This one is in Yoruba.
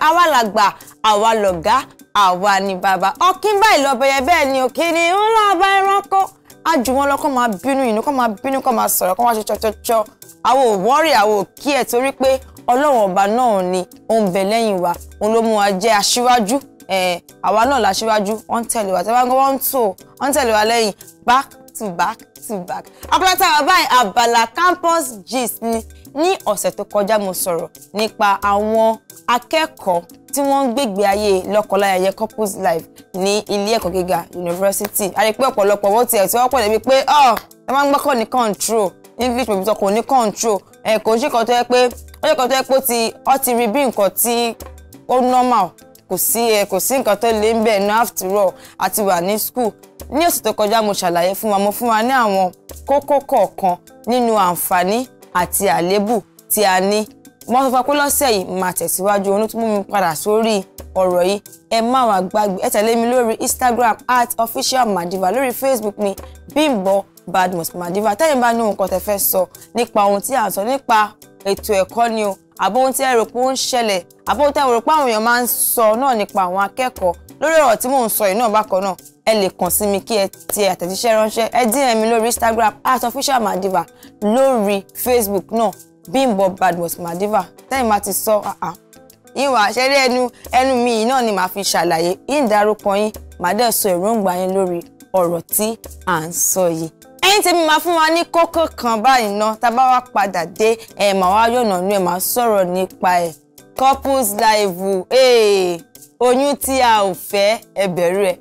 àwa làgbà àwa lọ̀gá àwa ni bàbá ọkín báyìí lọ bẹ̀yẹ bẹ́ẹ̀ ni òkè ni ń lọ bá ẹranko àjù wọn lọ kọ́ máa bínú inú kọ́ máa bínú kọ́ máa sọ̀rọ̀ kọ́ máa ṣe ṣọṣọṣọ àwọn ò wọ́rì àwọn ò kí ẹ̀ torí pé ọlọ́run ọba náà ni òun bẹ̀ lẹ́yìn wa òun ló mú wa jẹ́ aṣíwájú àwa náà láṣíwájú wọ́n ń tẹ̀lé wa tẹ́wọ́n wọ́n ń tò wọ́n wa lẹ́yìn back to back to back. abala táwa báyìí abala campus gist ni ní ọ̀sẹ̀ tó kọjá mo sọ̀rọ̀ nípa àwọn akẹ́kọ̀ọ́ tí wọ́n ń gbégbé ayé lọ́kọláya couples life ní ilé ẹ̀kọ́ gíga yunifásitì a rí pé ọ̀pọ̀lọpọ̀ wọ́n ti ẹ̀ tí wọ́n pọ̀ débi pé ọ̀ ẹ máa ń gbọ́kọ̀ ní control english pẹ̀lú kò ní control ẹ̀ kò sí kan tó yẹ pé ó yẹ kan tó yẹ pé ó ti ó ti rí bí nǹkan tí ó normal kò sí ẹ kò sí nǹkan tó lè ń bẹ̀ ní after all àti wà ní school ní ọ̀sẹ̀ tó kọjá mo ṣàlàyé fún wa mo fún wa ní àwọn kókó kọ̀ọ̀kan nínú àǹfààní àti àléébù tí a ní mo sọ fún pé lọ́sẹ̀ yìí máa tẹ̀síwájú oní tó mú mi padà sórí ọ̀rọ̀ yìí ẹ má wàá gbàgbé ẹ tẹ̀lé mi lórí Instagram at official madiva lórí Facebook mi Bimbo Badmus Madiva tẹ́yìn bá ní nǹkan tẹ́ fẹ́ sọ nípa ohun tí à ń sọ nípa ètò ẹ̀kọ́ ni o àbóhun tí ẹ rò pé ó ń ṣẹlẹ̀ àbóhun tí ẹ rò pé àwọn èèyàn máa ń sọ náà nípa àwọn akẹ́kọ̀ọ́ lórí ọ̀rọ̀ tí mò ń sọ yìí náà bákan náà ẹ lè kàn sí mi kí ẹ ti àtẹ̀jíṣẹ́ ránṣẹ́ ẹ dm mi lórí instagram at official madiva lórí facebook náà bimbo badmus madiva tẹ́yìn máa ti sọ àhán yín wàá ṣeré ẹnu ẹnu mi yìí náà ni màá fi ṣàlàyé yín dárúkọ yín màá dẹ̀ sọ èròǹgbà yín lórí ọ̀rọ̀ tí à ń sọ yìí ẹ̀yin tèmi máa fún wa ní kókó kan báyìí ná tá a bá wá padà dé ẹ màá wá yọ̀nà ní ẹ màá sọ̀rọ̀ nípa ẹ̀ couples live Hey oyún tí a ò fẹ́ ẹ bẹ̀rù ẹ̀